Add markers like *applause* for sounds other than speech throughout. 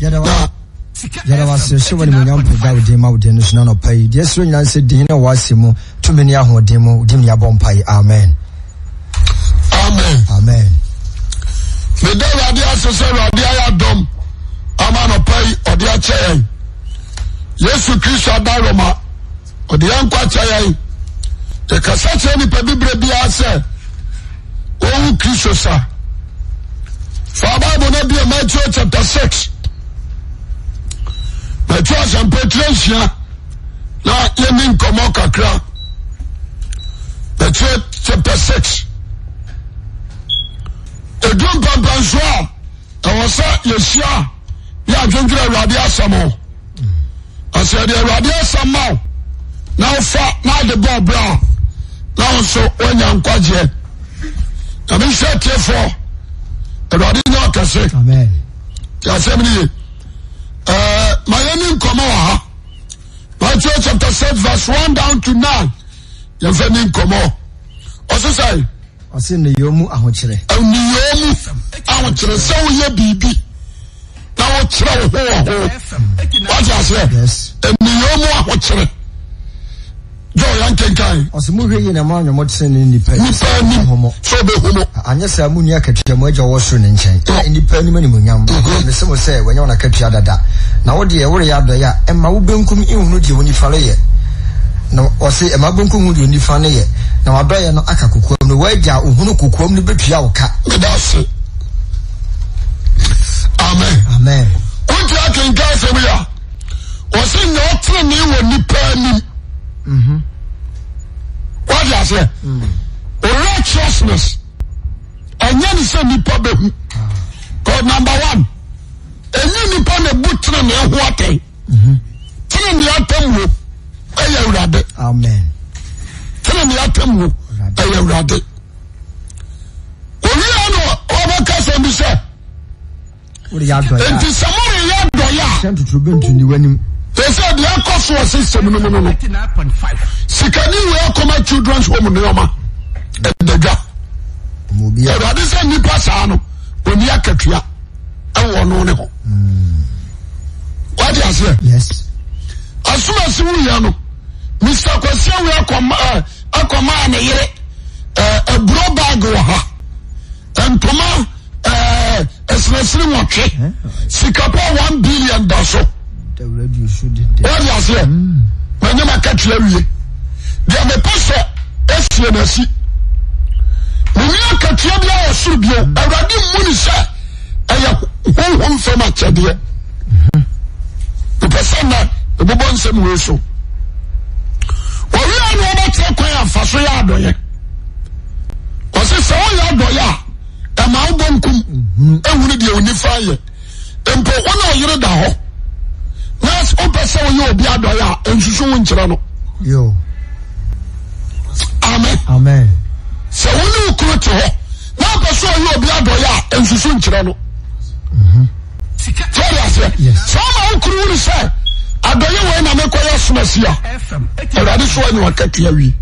yɛda wase ɛhyɛ wɔ nimuonyam pɛda wo din ma wo din no so na nɔpa yi deɛ soro nyina sɛ din na wɔase mu tumi ne ahoɔden mu wodim ne abɔ mpae amen amen amen meda awurade ase sɛ awurade ayɛ adɔm ama nɔpa yi ɔde akyɛ yɛn yesu kristo adaroma ɔde yɛn nkɔ akyɛ yɛn yɛkasa kyerɛ nipa bibire biara sɛ wɔwu kristo sa fa bible no bia matthew chapter 6 metrɛ asam po tire nsia na yɛni nkomɔ kakra betire chapter 6ix edu mpampanso a ɛwɔsa yesiaa mi atwontworɛ awurade asamɔ asɛ deɛ awrurade asam mao na wofa na adebɔɔ braa na onso woanyankwageɛ amehɛtiefo awurade na kɛse ti asɛmdeye mayɛne nkɔmɔha ba cha s v 1 o9 yɛmfne nkɔmɔ ɔse sɛnyomu ahokyerɛ sɛ woyɛ biribi na wokyerɛ wo howh jọ ya nkenkan. ọsẹ mu hwẹ yi na maa nyɔmɔ tẹ ni nipa yi. nipa ni so bɛ homo. anyɛ sɛ mu ni akatua mu agya wɔ soro ne nkyɛn. nipa ni mu ni mu nyam. mesi mu sɛ wɔnyɛ wɔn akatua dada na wo deɛ wɔre yɛ adɔ yɛ a ɛma wo benkum ihunu deɛ wɔn nifa na ɔsɛ ɛma benkum ihunu deɛ wɔn na wadɔ no aka kokoam no wɔagya amen. amen. wọ́n ti akenkan sẹ́mi yá wọ́n sẹ́ nyɛ Mm-hmm. wadi ase mm. oh, righteousness ɛnyɛ ne sɛ nipa bɛhu number one ɛnyɛ nipa na bu tena ne ɛho atɛn tena ne atam wo ɛyɛ awurade tena ne atam wo ɛyɛ awurade owia no ɔbɛka sɛ bi sɛ nti sɛ moreyɛ adɔyɛ a ɛdianeachildren'sdawade sɛ nnipa saa no nikatua wɔno n hdeaseɛ asomsi wo yiɛ no mkwaseɛwe akɔmaneye abro bag wɔ ha eh, ntoma asenɛsire ɔtwe sikapɔ1 billion da so odeaseɛ manyam ka twra awie deɛ mapɛsɛ asie no asi monia akatwua bia aɔsorobi awurade mune sɛ ɛyɛoo mfamakyɛdeɛ ɛsɛnoɔnsɛmei s ɔhɛ noɔɛkyerɛ kwan afa so yɛ adɔyɛ ɔsesɛ woyɛ adɔyɛ a ɛma woɔn wun deɛnfayɛmonɔerdhɔ ɛ a wwɛ ɛɛsona sia rae soanuakaeai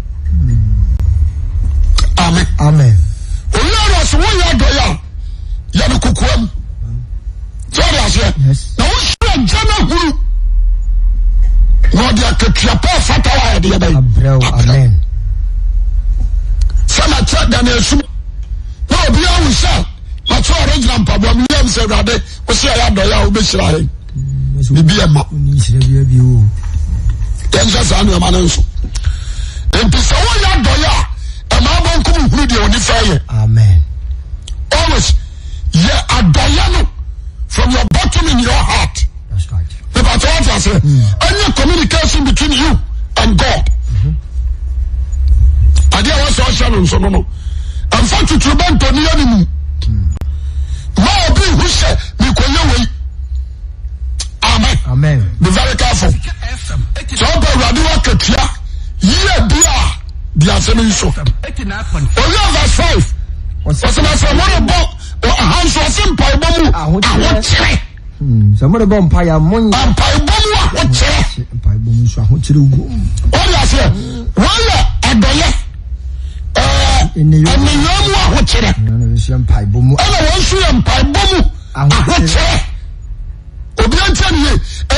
na ɔde akatua pɛɛ fata wa yɛde yɛ bɛyi abrɛw sɛ makyɛ daniel sum na obi ahu sɛ makyɛ ɔregyina mpaboa mu yɛm sɛ awurade wo sɛ ɛyɛ adɔyɛ a wobɛhyira he mm, biribi ɛma yɛnhyɛ saa nneɛma no nso 5 pk ykr pamkr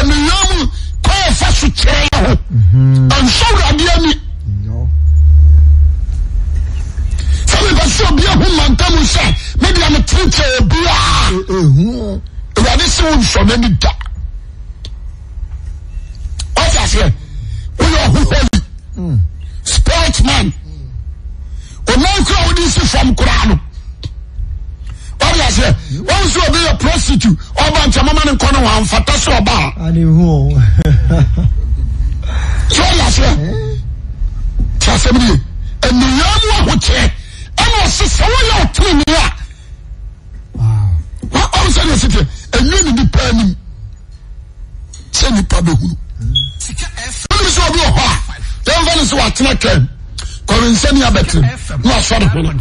meamu kfa so kyere ah, ho nsoadmi ah, k we s won a ɛ oɛ o portman oa wodensi omkra n ɛ posie kɛaanomfataɛaɛa k ɛwoyɛten sani esi tẹ enyo ni nipa anim sẹ nipa bẹ hunu wọn bɛ sɛ ɔbi wɔ hɔ a yɛn fa ni sɛ wɔatena kɛn kɔri nsɛnni abɛtiri na asɔre hona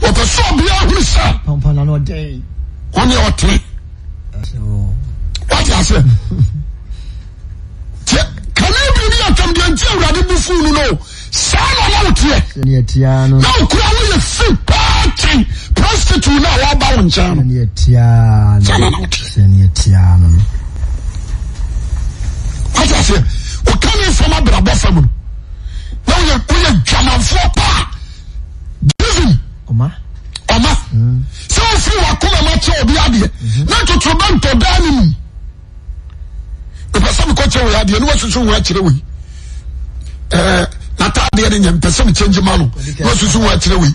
wɔpɛ sɛ ɔbi ahuru sɛ wɔn yɛ ɔtene wɔte ase tiɛ kane bi ni atam deɛ nti awurade bu funu no saa na ɔna woteɛ na okura woyɛ fi paa kyɛn. set nwba o ky aneambraa a aieeɛɛɛk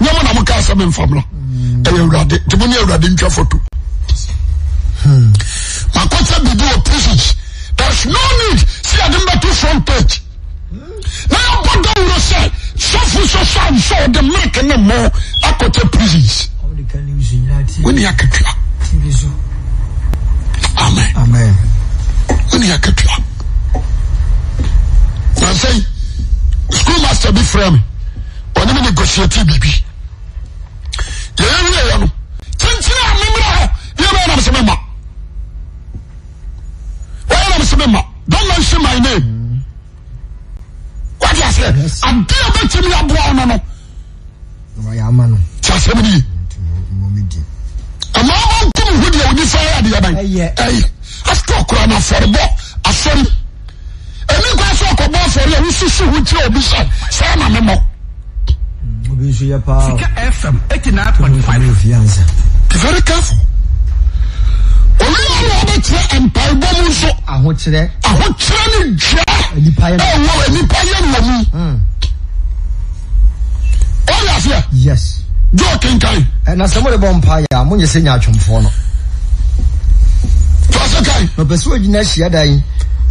nyɛmo na moka sɛ memfam no ɛyɛ awurade nti Je ne awurade ntwa foto hmm. makɔsɛ biribi wɔ there's no need sɛ yɛde mbɛto front page na yɛbɔ ne amen wone schoolmaster ɛyɛ wɔ no kyenkyere a memmerɛ hɔ yɛ bɛyɛ nam sɛ mema wɔyɛ nam sɛ mema don't mention my name wate aseɛ ade a bɛtumi aboa wo no no kyɛ asɛm ne yi ama ɔnkom ho deɛ ɔni fa yɛ adeɛ bɛn ɛyɛ after kora no afɔrebɔ asɔre ɛni kɔ asɔ akɔbɔ afɔre a wosusu ho kyerɛ obi sɛ sɛ na memɔ bi nso yɛ paa sika fm eighty nine point five be very careful omi yà wà bẹ kyerɛ mpaebɔ mu nso ahokyerɛ ahokyerɛ ni dua nipa yɛ ɛwɔ nipa yɛ wɔ mu ɔyɛ aseɛ yes jɔɔ kankan ɛna sɛ mo de bɔ mpa yɛ a mo nyɛ sɛ nya atwomfoɔ no tɔsɛ kan na ɔpɛ sɛ ogyina ahyia dan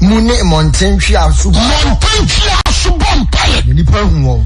mu ne mmɔntentwe asobɔ mmɔntentwe asobɔ mpa yɛ nipa hu wɔn.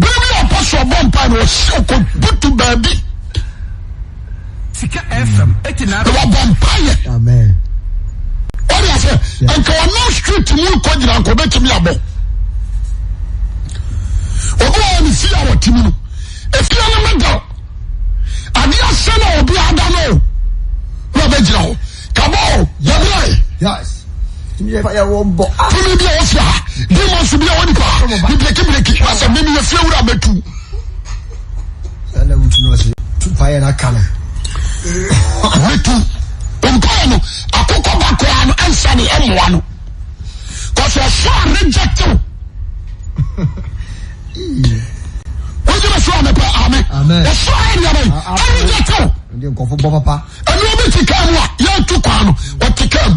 bwiapɔ soɔbɔmpan ɔsewkɔbutu baabinababɔmpayɛ odesɛ nka ɔne stre tumukɔgyiranka ɔbɛtimyabɔ ɔbɛwɔa nesi a wɔ tim no ɛfiano maga adeasɛ no ɔbi ada no ne abɛgyira ho kabɔ yada tumi yɛ fayɛwɔ bɔ. tumi bi a wɔsi ha demons bi a wɔdi *laughs* ah, ah, ah. pa ni bileki bileki wasa mi mi yɛ fiyewu la bɛ tu. sanni o tunu ɔsi tu payɛ na kanu. ɔbɛ tu nkae no akokɔ bakoa no ansa ne ɛmoa no kɔsɔ ɔsɔ reject o. wọ́n yẹ sọ àmì pẹ́ àmì ọ̀sọ́ ẹ̀yẹ̀mẹ̀ ẹ̀yẹ̀ jẹ́ tẹ̀ o. ẹni omi ti kẹ́ mu a yẹ́ tu kwan no ọ̀ ti kẹ́ mu.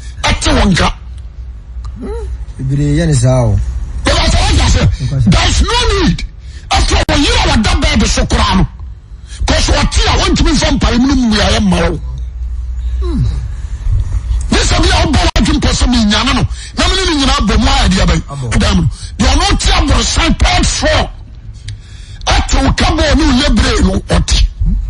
ɛtonasasɛ das no ned ɛ yerɛ wadabɛde sokora no casɔtea wantimi fa mpamuno muayɛmmar desɛ bia wodwsɛnyane nnnnyinas po twokanbrɛ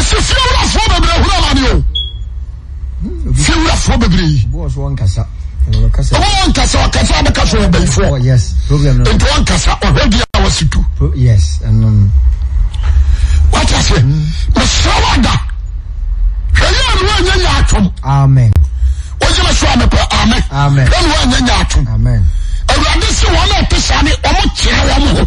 mesi fie wurafoɔ bebree hura amane o fie wurafoɔ bebree ɔwɔ nkasa ɔkasa bɛka so wɔ bayifoɔ oh, nti wɔnkasa ɔhwɛ di a wɔsi tu wate aseɛ mm. mesrɛ ada hwɛ yɛ ne woanyɛ nyɛ atwom amen wogyeme so a mepɛ amen hwɛ ne woanyɛ nyɛ atwom awurade se wɔn a ɔte saa ne ɔmo kyerɛ wɔ mo ho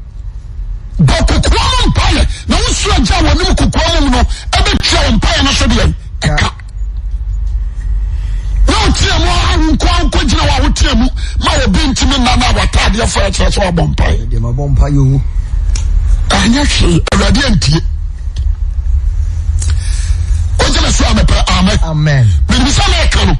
bɔ kokoa no mpaɛ na wosuagya wɔnem koka m mu no bɛta wo mpaɛ nosodeɛ nɛ woteamunokogyina wowo teamu ma wobɛntim nano batadeɛ fkyeɛɛ ɔ paɛn na sopɛ ɛnka n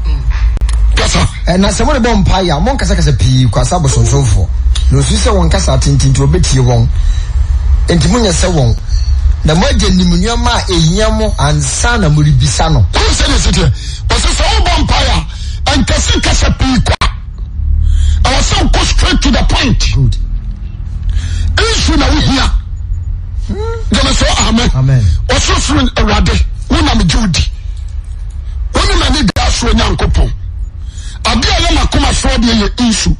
Eh, na sɛ mo ne bɔ mpa yɛ a mo nkasakasa pii kwasa abosonsomfoɔ na osu sɛ wɔn nkasa tenten nti wɔbɛtie wɔn nti mo nyɛ sɛ wɔn na mo agye nim nneɛma a ehia mo ansa na mo rebisa no. kúrò sẹ́ni èsì tiẹ̀ wọ́n sẹ́ sẹ́ wọ́n bọ̀ mpa yà nkasi kasa pii kwa àwọn sẹ́ nkó straight to the point. good. nsu na wohia hmm. gyama sɛ amen ɔsorosoro awurade wonam gye wodi wonam ani da asoro nyankopɔn ade a yɛmakoma sode ah. ne nsu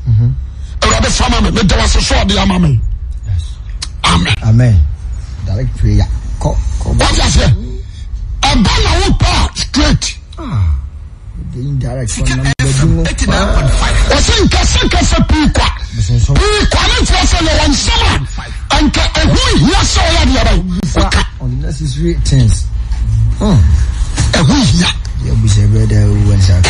awerabɛs mame medawsesode mamefasɛ abanawopɛa straightsnkɛsekɛsɛ pii kwakwa ne ta sɛnwɔ nsma nka hom hia sɛyɛdabah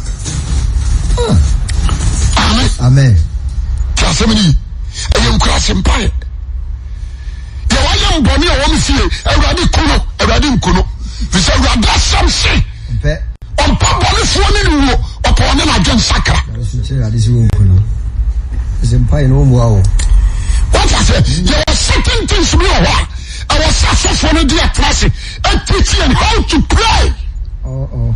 amen Amen. ti asɛm ni ɛyɛ nkura sempae yɛ wayɛ mbɔni a wɔn fie awurade kono awurade nkono fisɛ awurade asɛm se ɔmpa bɔnifoɔ ne ne wuo ɔpɔ ɔne na adwe nsakra wọ́n fà sẹ́ yẹ wọ́n certain things bi wọ̀ hɔ a ɛwɔ sɛ asɔfoɔ no di ɛtena ase ɛtiti and how to pray. Oh, oh.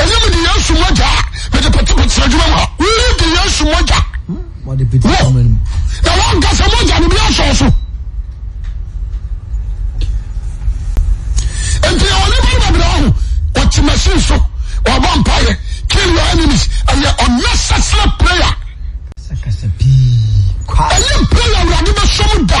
ɛnɛmede yɛsom gyaa medepoteptea dwuma ha de yɛ sɔgya na ɔgasamɔgya nbi sɔ so ntiɔnebaabrɛho ɔtemasin so ɔpaɛ knn ɛyɛ ɔnɛsasera prɛnpya wrade msoda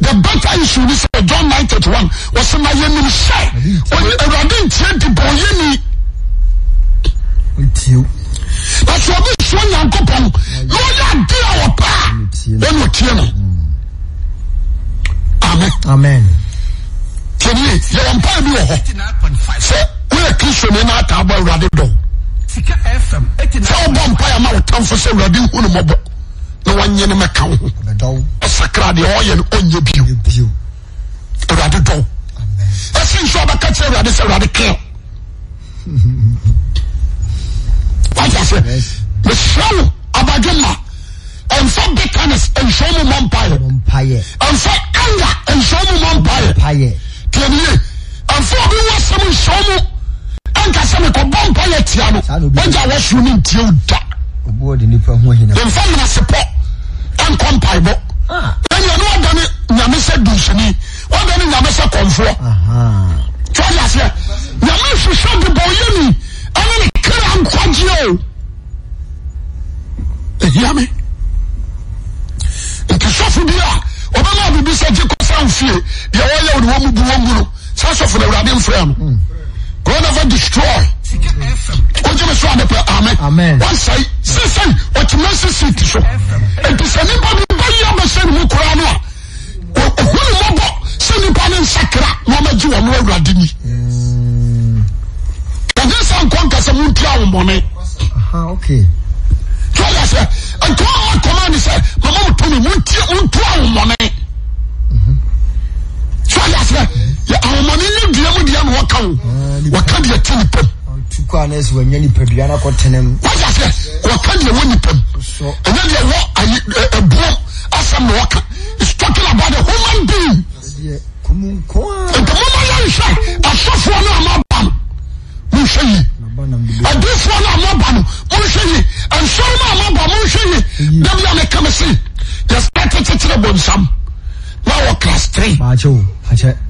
the better issue ni sɛ John nine thirty one wɔsɛ ma yɛ nim sɛ Awurade ntie di bɔ ɔyɛ ni. na sɛ ɔbi nsuo Nyankopɔn na ɔyɛ ade a Then ɛna ɔtie no amen. amen. kìnìún yẹwọ mpa bi wọ hɔ sɛ wọ́n yɛ kristu ni n'ata abɔ Awurade dɔn sɛ ɔbɔ mpa yɛ ma wò tán fo sɛ Awurade hu ni mo bɔ. yoaɛ *laughs* wa ma msɛm sɛmu nasɛ ɔpayɛ tia noywsoro no ntiamfaaseɔ n ɛn kara nkaomf emo o mems ebsam class 3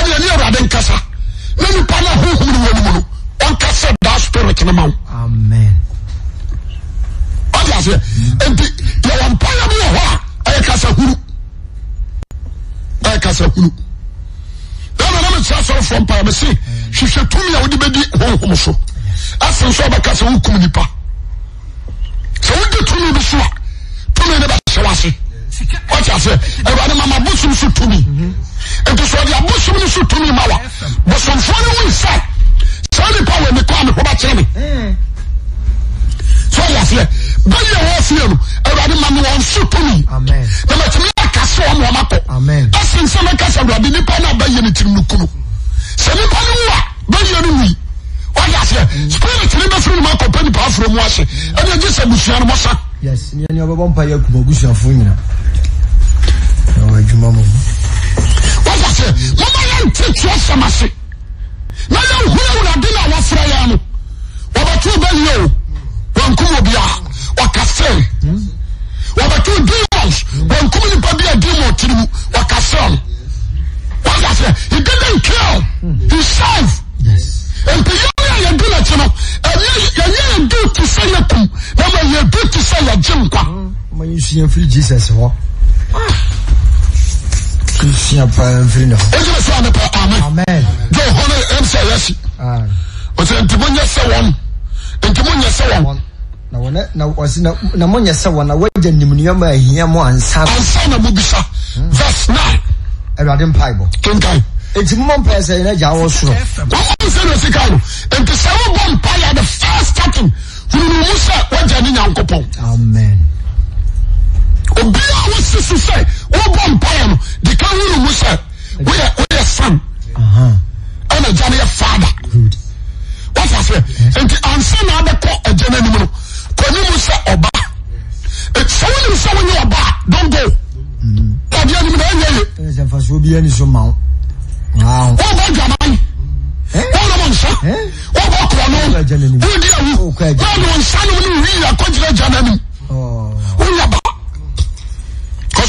Amen. ne awurade nkasa na nipa no amen no wɔnom no ɔnkasa daa spirit no ma wo ɔde aseɛ enti yɛwɔ mpayɛ bi wɔ hɔ a ɛyɛ kasa huru ɛyɛ kasa huru ɛna na mekyerɛ asɔrefoɔ mpayɛ me se hwehwɛ tumi a wode bɛdi honhom so asen so ɔbɛka sɛ nipa sɛ wogye tumi bi so a tumi ne bɛhyɛ wase ɔte aseɛ awurade mama bosom so tumi nti sɛ ɔde abosom no so tumi ma wa bosomfoɔ no wo nsa saa nipa wɔ ne kɔa me hɔ bakyerɛ me sɛ ɔyɛ aseɛ bɛyɛ wɔ afie no awurade ma me wɔn so tumi na matumi aka sɛ ɔma ɔmakɔ asen sɛ mɛka sɛ awurade nipa no a bɛyɛ no kunu sɛ nipa no wu a bɛyɛ no wui ɔyɛ aseɛ spirit ne bɛfiri no makɔpɛ nipa aforo mu ase ɛne agye sɛ abusua no mɔsa Yes, ni ẹni ọbẹ̀ bọ́ mpa yẹ kùmọ̀ busuafo nyina. Ẹ sɛ moma yɛ nte too samase na yɛ hura wonade no a wɔfra yɛa no wɔbɛtoo banɛo naasɛ bto npiaɔirm asɛnɛnamyɛne yɛ yɛdu te sɛ yɛ na mayɛdr te sɛ yɛye nkwa namonyɛ sɛ wn nawagya nnimnuamahiam nsanti ɛɛn gya sora ne nya obiwo sess wobon kawnes anadn nwba baan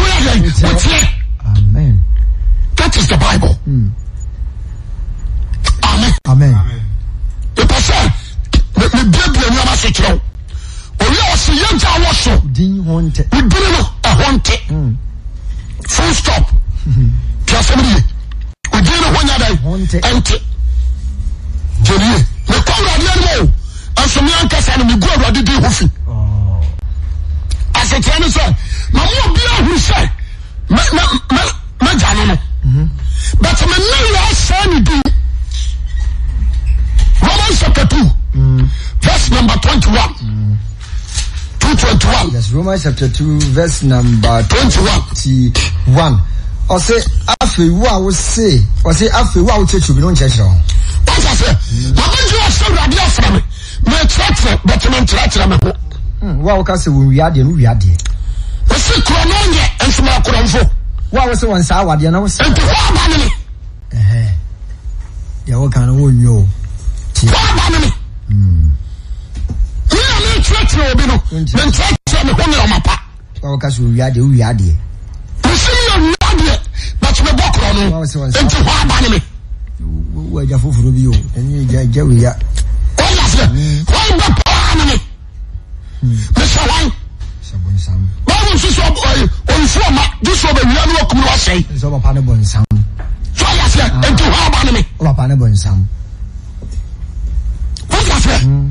amen. that is the bible. Hmm. amen. amen. ìpè òye ọsẹ so. dín wọn tẹ. ìdílé no full stop. tí a sẹ́mi yìí òdín ni wọ́n yàda yìí ẹ̀ ń tẹ. jẹ̀bi yìí mi kọ́ ọ̀rọ̀ adé ẹni o ẹ̀sùn mi à mi gún ọ̀rọ̀ adé dín ìhó fi. àṣetìyẹ màmú òbí mɛgyane no but mene yɛ saa ne din romans chapter two mm. verse number twenty-one mm. two twenty-one. yes romans chapter two verse number twenty-one. ɔsɛ afei hmm. hmm, wo a wose ɔsɛ afei wo a wokyerɛkyerɛ bi no nkyerɛkyerɛ ho wasa sɛ mabɛgye ɔsɛ awurade afra me mekyerɛkyerɛ bɛteme nkyerɛkyerɛ me ho wo a woka it, wɔnwiadeɛ no it wɔsi kuro no nyɛ nsoma akoranfo. wo a wɔsi wɔn saa awadeɛ na wɔsi. nti wo aba ne mi. deɛ wɔka no wɔn nyɛ o. wo aba ne mi. Hmm. nna mi nkyerɛkyerɛ obi no mi nkyerɛkyerɛ mi ho ni ɔma pa. wɔn ka so owia deɛ owia deɛ. wɔsi mi yɛ owia deɛ bàtí mi bɔ kuro no nti wo aba ne mi. wo ɛja foforɔ bi o ɛni ɛja ɛja owia. o yà fɛ wɔn bɔ pɔɔ ne mi. Hmm. mi sɛ wɔn nso sɛ ɔnfu ɔma gye sɛ ɔbɛwia ne wakum no wasɛe sɛ ɔpapa ne bɔ nsam so ayɛ aseɛ ah. enti hɔ aba ne me ɔpapa ne bɔ nsam wote aseɛ hmm.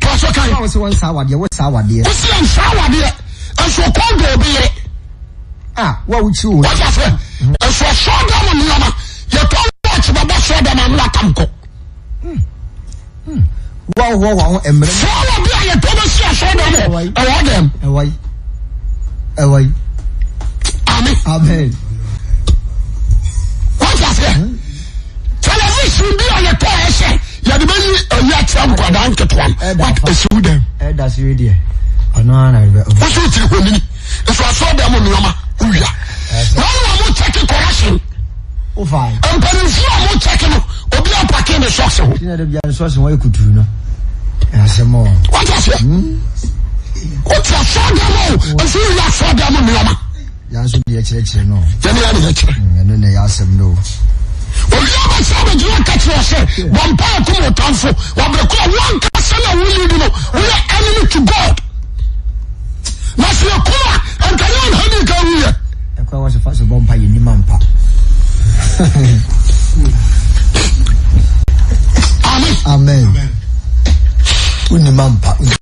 toa so kae wosɛ wɔnsa awadeɛ wosa awadeɛ wosɛ nsa awadeɛ ɛnso ɔkɔn dɔ obi yere a wa wokyiri wo wote aseɛ ɛnso hmm. ɔsɔ da mo nneɛma yɛtɔn wɔkye bɛbɔ sɔ da ma no atam kɔ wɔwɔ wɔn mmerɛ fɔlɔ bi a yɛtɔ bɛ si asɔ da mo ɛwɔ dɛm ɛwɔ yi ẹwà yìí. amen. amen. wọ́n ti àfẹ́ tẹlifíṣìn bí ọ̀yẹ̀ tọ́ ẹ ṣe yàtọ̀ bẹ́ẹ̀ ni ẹ̀yẹ àti àgùkọ̀dá nketewa wọ́n ti èsì wù dẹ̀. ẹ da sí rí diẹ ọ̀nà àná rẹ bẹ. wọ́n sọ tìrì hòmìnì èso àṣọ ọ̀dà mu nìyọ́mà wíwá wọ́n wà mú chẹ́kì correction. mpanyinfo a mú chẹ́kì no obi àpàkì ní sọ́ọ̀sì hù. wọ́n ti àfẹ́. 我只要是不接我只你来个电话。我弄你阿叔吗？我他妈现在就来干掉他！我把你头毛砍我把你裤毛砍光，我把你裤毛砍光，我把你裤毛我把你裤毛砍光，我把你裤毛我把你裤毛我把你你裤毛砍光，我把你裤毛砍光，我把你你裤毛砍光，我把你裤毛我把你裤毛砍光，我把你裤毛砍光，我你裤毛砍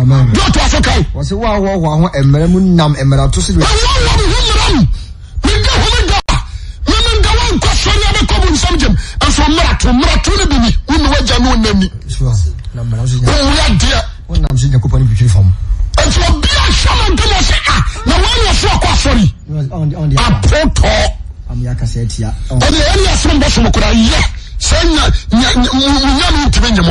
s sm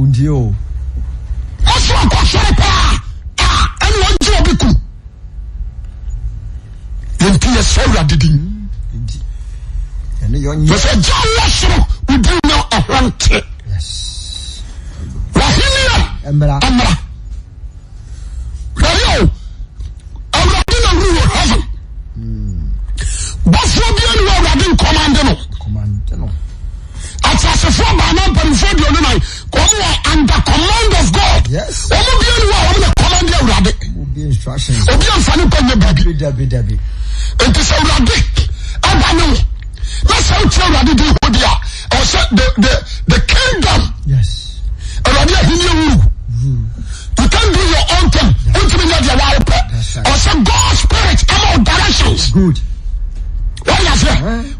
os kosere pa a enojio beku yenpiye so la didin oja asro din ahnt enyamra bare agadenoruoe boso dino gade comandeno atase fo banaparodin wɔn wɔ under command of God yes wɔn bi enu a wɔn yɛ command awurade obi instructions obi anfani kɔ nye baabi dabi dabi nti sɛ awurade ɛba ne wo na sɛ wotia awurade di ihu di a ɛwɔ sɛ the the the kingdom yes awurade ahini ewu you can do your own thing ntumi nye deɛ wɔayɛ pɛ ɛwɔ sɛ God spirit ɛma o directions good wɔn yɛ fɛ.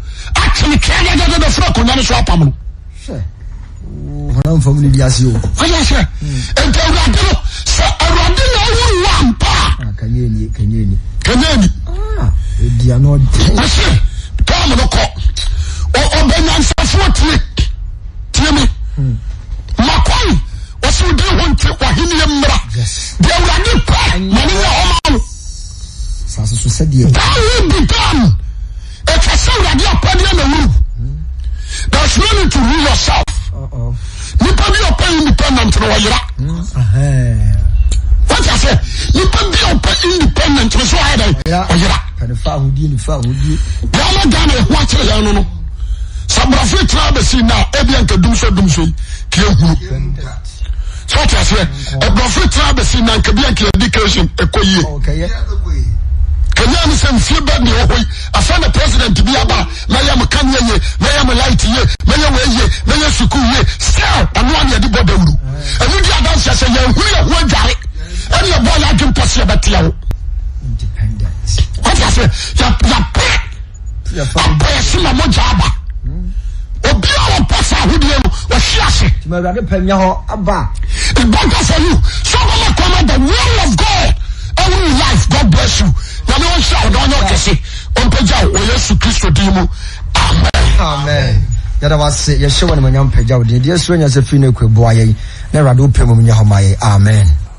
aken keef oyanoamnpae amnko baansefo tim mao di o e e a an ɛfɛ sɛ awurade apɔdeɛ na wuru there is no need to rule yourself nipa bi ɔpɛ independent na wɔyera wọ́n sẹ́ nípa bí ọ̀pẹ independent ṣọ́ ayé dẹ̀ ọ̀yẹ́ra. yàrá gánà ẹ̀hún akyerè yẹn nínú sàbùràfẹ́ tẹ̀lé bẹ̀ sí náà ẹ̀bí ẹ̀ǹkẹ́ dumso dumso yìí kì í huru sọ́ọ̀tì àṣẹ ẹ̀bùràfẹ́ tẹ̀lé bẹ̀ sí náà ẹ̀ǹkẹ́ bí ẹ̀ǹkẹ́ dedication ẹ̀kọ́ yìí ɛnyɛ ne sɛ mfie bɛ ne ɔhɔ yi afa na president bi aba mɛyɛ mo kaneɛ ye mɛyɛ mo light ye mɛyɛ wei ye mɛyɛ sukuu ye still ɛnoa ne yɛde bɔ dawuro ɛno di adanseɛ sɛ yɛnhunu yɛ ho adware ɛne yɛbɔ yɛ adwe mpɔ sɛ yɛbɛteɛ wo ɔfa sɛ yɛpɛ abɔ yɛ se ma mogya aba obi a wɔpɔ sa ahodeɛ no wɔhwe ase it bankers for you so wɔmɛ kɔma the will of God ɛwo ne life God bless you nyame wɔnhyɛ a ɔdɔ ɔnyɛ ɔkɛse ɔmpagya wɔ yesu kristo din mu amen amen yɛda wase yɛhyɛ wɔ ne manyam pagya wo din deɛ suro nya sɛ firi no ɛkɔboa yɛn na awurade wopɛ mu nyɛ hɔ ma yɛn amen